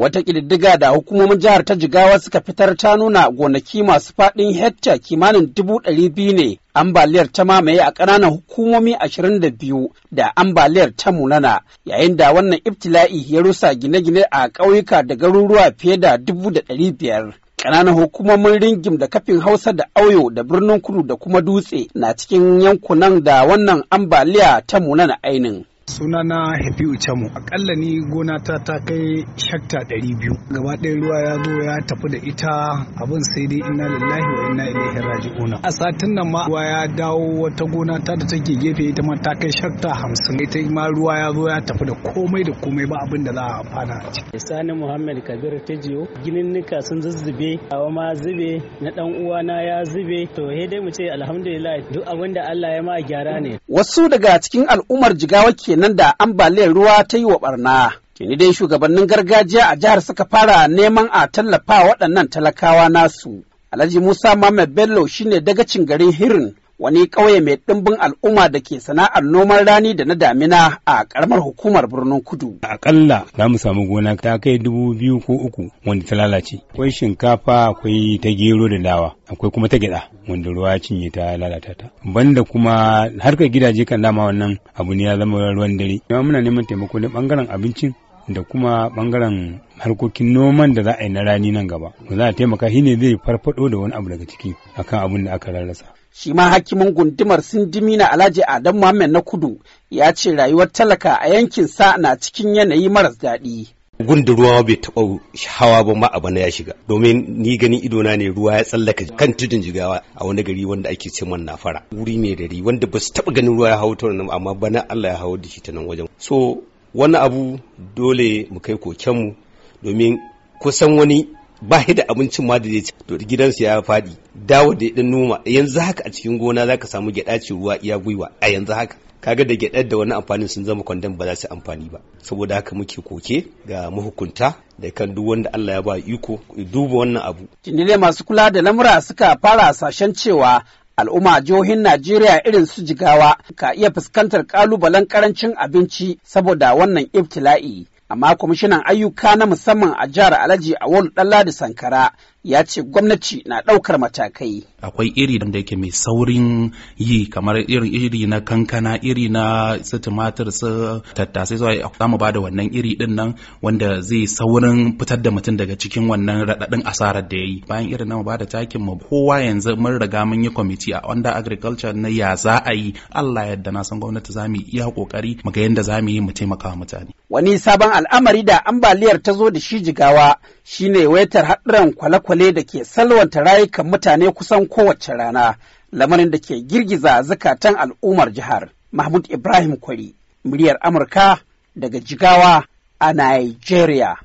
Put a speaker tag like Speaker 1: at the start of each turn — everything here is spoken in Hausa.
Speaker 1: Wata ƙididdiga da hukumomin jihar ta Jigawa suka fitar ta nuna gonaki masu faɗin hekta kimanin dubu ɗari biyu ne ambaliyar ta mamaye a ƙananan hukumomi ashirin da biyu da ambaliyar ta munana yayin da wannan ibtila'i ya rusa gine-gine a ƙauyuka da garuruwa fiye da dubu da ɗari biyar. Ƙananan hukumomin ringim da kafin Hausa da Auyo da birnin Kudu da kuma Dutse na cikin yankunan da wannan ambaliya ta
Speaker 2: munana ainin. sunana hafi ucamu akalla ni gona ta ta kai shakta 200 gaba ɗaya ruwa ya zo ya tafi da ita abin sai dai inna lillahi wa inna ilaihi raji'una a satin nan ma ruwa ya dawo wata gona ta da take gefe ita ma ta kai shakta hamsin. ita ma ruwa ya zo ya tafi da komai da komai ba abin da za a amfana a ciki sani
Speaker 3: muhammad kabir tejiyo gininnika sun zuzzube awa ma zube na dan uwana ya zube to he dai mu ce alhamdulillah duk abin da Allah ya ma gyara ne
Speaker 1: wasu daga cikin al'ummar jigawa kenan nan da ambaliyar ruwa ta yi wa barna. kini dai shugabannin gargajiya a jihar suka fara neman a tallafa waɗannan talakawa nasu. Alhaji Musa Muhammad Bello shine dagacin garin Hirin wani ƙauye mai ɗimbin al'umma da ke sana'ar noman rani da na damina a ƙaramar hukumar birnin kudu.
Speaker 3: Aƙalla za mu samu gona ta kai dubu biyu ko uku wanda ta lalace. Akwai shinkafa akwai ta gero da dawa akwai kuma ta gyaɗa wanda ruwa cinye ta lalata ta. Banda kuma harkar gidaje kan dama wannan abu ne ya zama ruwan dare. Muna neman taimako na ɓangaren abincin da kuma bangaren harkokin noman da za a yi na rani nan gaba za a taimaka shi ne zai farfado da wani abu daga ciki akan abin da aka rarrasa
Speaker 1: shi ma hakimin gundumar sindimi na alhaji adam muhammad na kudu ya ce rayuwar talaka a yankin sa na cikin yanayi maras daɗi
Speaker 4: gundun ruwa bai taɓa hawa ba ma bana ya shiga domin ni ganin idona ne ruwa ya tsallaka kan tudun jigawa a wani gari wanda ake ce man nafara wuri mai dari wanda ba su taɓa ganin ruwa ya hau ta nan amma bana Allah ya hau da shi ta nan wajen so wani abu dole mu kai kokenmu domin kusan wani ba da abincin ma da zai ci to gidansa ya faɗi dawo da ɗan noma yanzu haka a cikin gona zaka samu gyada ce ruwa iya gwiwa a yanzu haka kaga da gyadar da wani amfanin sun zama kwandon ba za su amfani ba saboda haka muke koke ga mahukunta da kan duk wanda Allah ya ba iko duba wannan abu.
Speaker 1: Tuni masu kula da lamura suka fara sashen cewa al'umma jihohin Najeriya irin su jigawa ka iya fuskantar kalubalen karancin abinci saboda wannan ibtila'i. Amma kwamishinan ayyuka na musamman a jihar Alhaji ɗan Ladi Sankara ya ce gwamnati na ɗaukar matakai.
Speaker 5: akwai iri da yake mai saurin yi kamar irin iri na kankana iri na su tumatir su tattasai zuwa za mu bada wannan iri din nan wanda zai saurin fitar da mutum daga cikin wannan raɗaɗin asarar da ya yi bayan irin na mu bada takin mu kowa yanzu mun riga mun yi kwamiti a under agriculture na ya za a yi Allah yadda na san gwamnati za mu iya kokari mu ga yadda za mu yi mu taimaka wa mutane
Speaker 1: wani sabon al'amari da ambaliyar ta zo da shi jigawa shine waitar haɗuran kwale-kwale da ke salwanta rayukan mutane kusan kowace rana lamarin da ke girgiza zukatan al'ummar jihar mahmud ibrahim kwari muryar amurka daga jigawa a nigeria